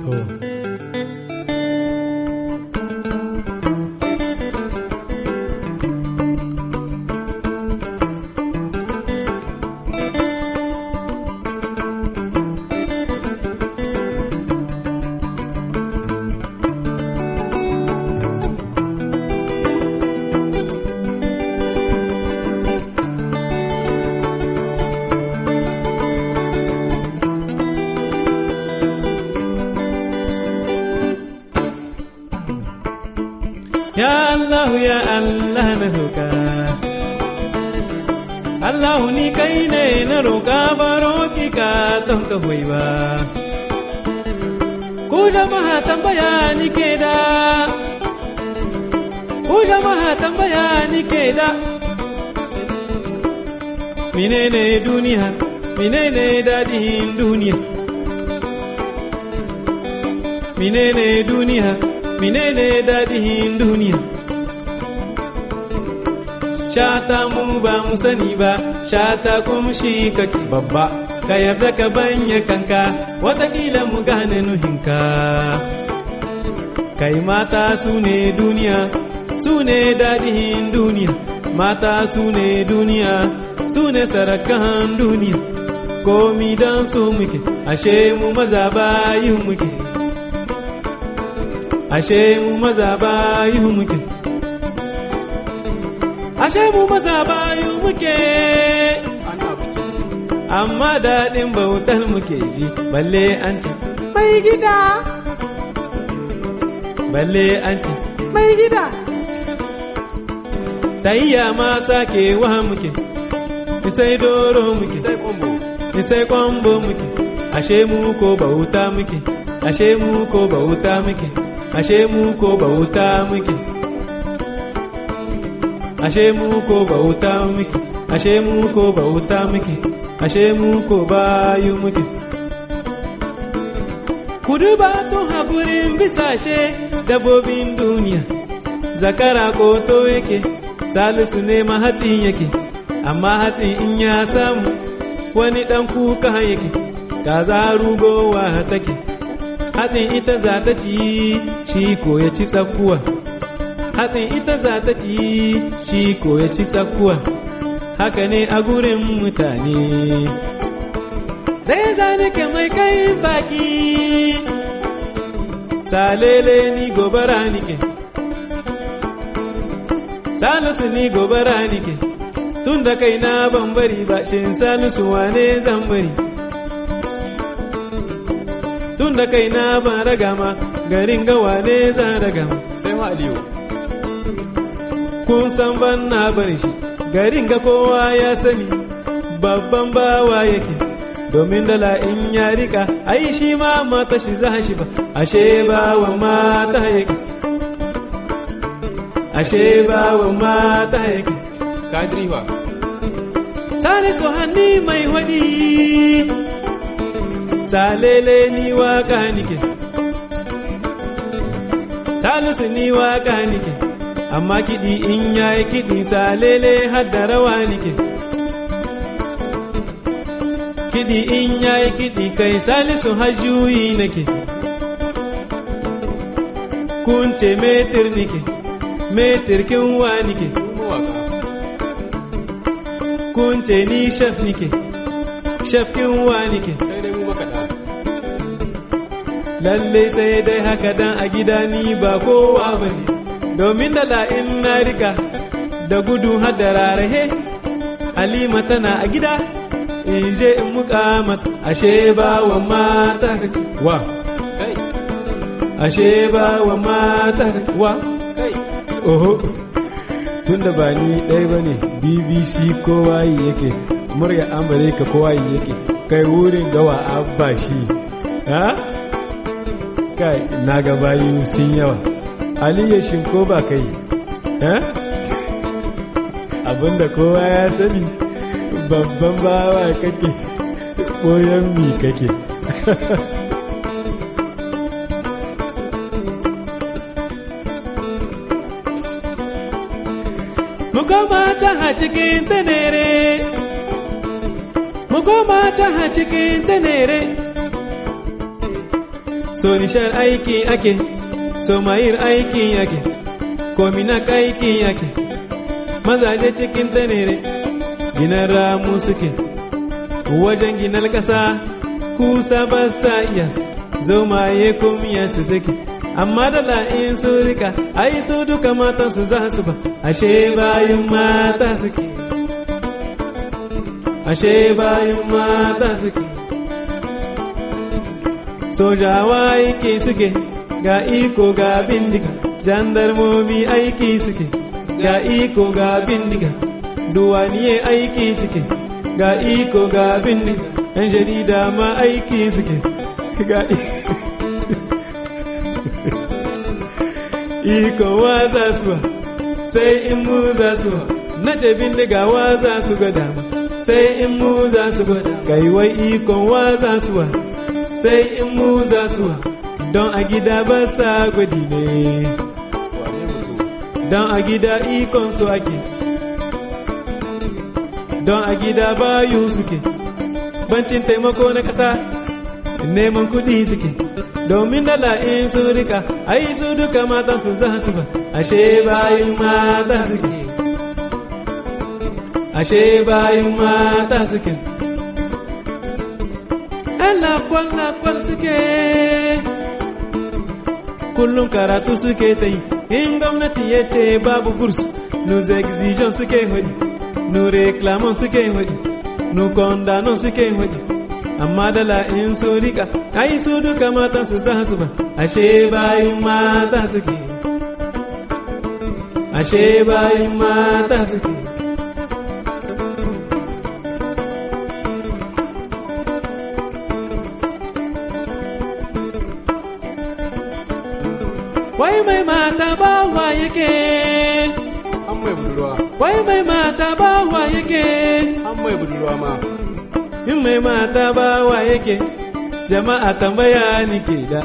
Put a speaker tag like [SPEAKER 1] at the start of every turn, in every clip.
[SPEAKER 1] 头。Allah ya Allah na roka Allah ni kai ne na roka baro ki ka don ka hoyi ba ku jama'a tambaya ni ke da ku jama'a tambaya ni ke da menene duniya menene dadin duniya menene duniya menene dadihin duniya shata mu ba mu sani ba shata kuma shi kake babba ka yarda ka banya kanka watakila mu gane nuhinka kai mata su ne duniya su ne daɗin duniya mata su ne duniya su ne sarakan duniya komi don su muke ashe mu maza bayin muke ashe mu maza bayin muke ashe mu maza bayu muke amma daɗin bautar muke ji balle an ce mai gida balle an ce mai gida tayya ma sake wa muke isai doro muke isai kwambo muke ashe mu ko bauta muke ashe mu ko bauta muke ashe mu ko bauta muke ashe mu ko bauta muke ashe mu ko bauta muke ashe mu ko bayu muke kudu ba tun haƙurin bisashe dabobin duniya zakara ko to yake salisu ne ma yake amma hatsi in ya samu wani ɗan kuka yake ta za rugowa take hatsi ita za ta ci shi ko ya ci tsakuwa hatsi ita za ta ci shi ko ya ci tsakuwa haka ne a gurin mutane dai ke mai kai baki salele ni gobara nike salisu ni gobara nike tun da kai na bambari ba shin salisu wane zan bari tun da kai na ba ragama garin gawa ne zan ragama sai ma aliyu kun san ban na barin shi garin ga kowa ya sani babban bawa yake domin dala in ya rika ai shi ma mata shi za shi ba ashe bawa mata yake ashe bawa mata yake kadriwa sare so hanni mai wadi salele ni waka nike salisu ni waka nike amma kiɗi in yayi kiɗi salele har da rawa nike kiɗi in yayi kiɗi kai salisu hajjuyi nake kunce metir nike metir kin wa nike kunce ni shaf nike shaf wa nike lalle lallai sai dai haka dan a gida ni ba kowa bane domin da la'in na rika da gudu hadararrahe halima tana a gida in je in mukamat ashe ba wa mata wa ashe ba wa mata wa oho tun da ba ni ɗaya ba ne bbc kowa yi yake murya amurka kowa yi yake kai wurin gawa abba shi ha ah? kai na gabayu sun yawa aliyu shinko ba kai eh? abinda kowa ya sani babban bawa kake koyon mi kake Mugoma ta cikin tanere Mugoma ta cikin tanere So nishar aiki ake mayir aiki yake, kominak aiki yake, mazaje cikin tanere, ginar ramu suke, wajen ginar ƙasa, kusa ba sa iya maye komiya su suke. Amma da la'in su rika, ai su duka mata su za su ba, ashe bayan mata suke. Ashe bayan mata suke. Sojawa aiki suke. ga iko ga bindiga jandarmomi aiki suke ga iko ga bindiga duwaniye aiki suke ga iko ga bindiga yan jarida ma aiki suke ga iko wa za su sai in mu za su na ce bindiga wa za su ga dama sai in mu za su ga kai wai iko wa za su sai in mu za su don a gida ba sa gudi ne don a gida ikon su ake don a gida bayu suke bancin taimako na kasa neman kudi suke domin dala in su rika yi su duka matan su za su ba ashe bayan mata suke ashe bayan mata suke Allah kwal kwana suke kullum karatu suke ta yi in gwamnati ya ce babu burs Nus exigeons suke hudi nu réclamons suke hudi nu condamnons suke hudi amma dala in su rika ai su duka mata su za su ba ashe bayan mata suke ashe bayan mata suke wai mai mata wa yake an mai budurwa wai mai mata wa yake an mai budurwa ma in mai mata wa yake jama'a tambaya ni ke da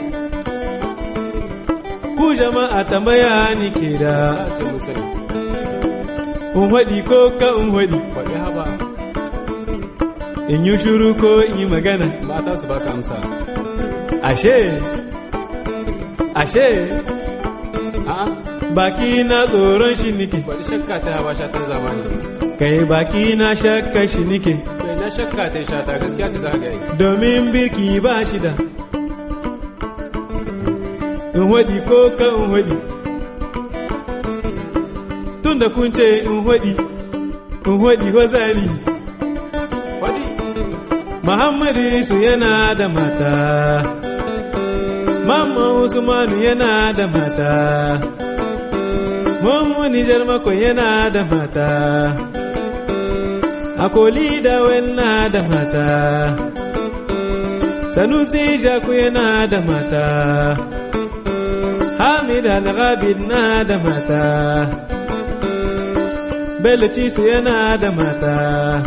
[SPEAKER 1] ku jama'a tambaya ni ke da in haɗi ko ka in haɗi faɗi haba in yi shuru ko in yi magana mata su baka amsa ashe ashe baki na tsoron shi nike bari shakka ta hawa zamani kai baki na shakka shi nike kai na shakka ta gaskiya ta domin birki ba shi da in hodi ko ka in tun da kun ce in hodi in hodi hozari muhammadu su yana da mata Mama Usman yana da mata, Mamman Nijar Mako yana da mata, Akoli Dawel na da mata, Sanusi Jaku yana da mata, Hamid Al-Ghabid na da mata, Belchisu yana da mata.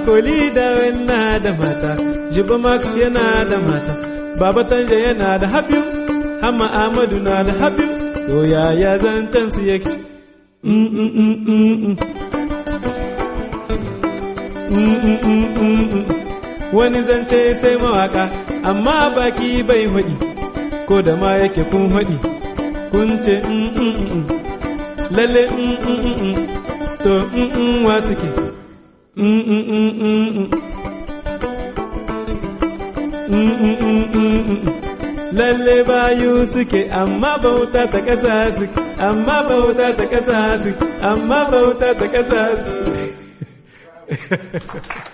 [SPEAKER 1] Akoli da na da mata, Jibomax yana da mata, Baba Tanja yana da habiyu, Hama Amadu na da habiyu, to yaya zancen su yake? Wani zance sai mawaka, amma baki bai haɗi, ko da ma yake kun haɗi, kun ce lalle to wa suke. lalle bayu suke amma bauta ta ƙasa su amma bauta ta ƙasa su amma bauta ta ƙasa su